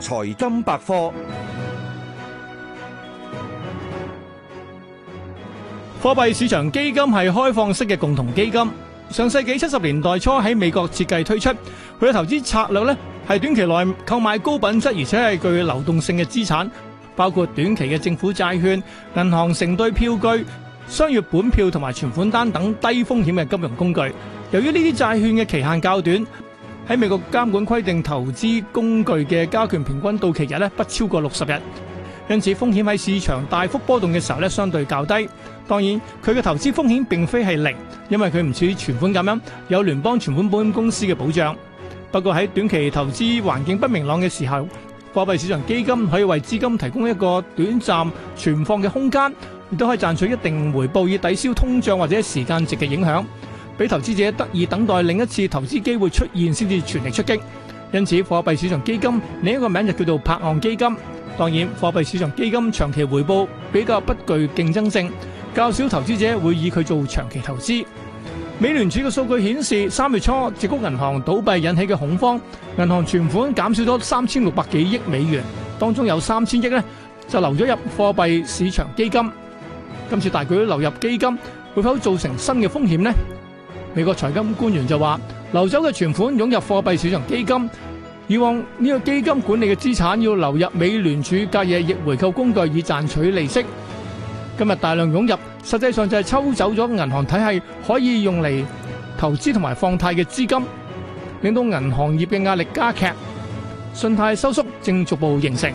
財金百科，貨幣市場基金係開放式嘅共同基金，上世紀七十年代初喺美國設計推出。佢嘅投資策略呢係短期內購買高品質而且係具流動性嘅資產，包括短期嘅政府債券、銀行承兌票據、商業本票同埋存款單等低風險嘅金融工具。由於呢啲債券嘅期限較短。喺美國監管規定，投資工具嘅加權平均到期日呢不超過六十日，因此風險喺市場大幅波動嘅時候呢相對較低。當然，佢嘅投資風險並非係零，因為佢唔似存款咁樣有聯邦存款保險公司嘅保障。不過喺短期投資環境不明朗嘅時候，貨幣市場基金可以為資金提供一個短暫存放嘅空間，亦都可以賺取一定回報以抵消通脹或者時間值嘅影響。俾投資者得以等待另一次投資機會出現先至全力出擊因此貨幣市場基金另一個名字叫做泊岸基金當然貨幣市場基金長期回報比較不具競爭性較少投資者會以佢做長期投資美聯儲嘅數據顯示三月初硅谷銀行倒閉引起嘅恐慌銀行存款減少咗美國財金官員就話，流走嘅存款湧入貨幣市場基金，以往呢個基金管理嘅資產要流入美聯儲隔夜逆回購工具以賺取利息，今日大量湧入，實際上就係抽走咗銀行體系可以用嚟投資同埋放貸嘅資金，令到銀行業嘅壓力加劇，信貸收縮正逐步形成。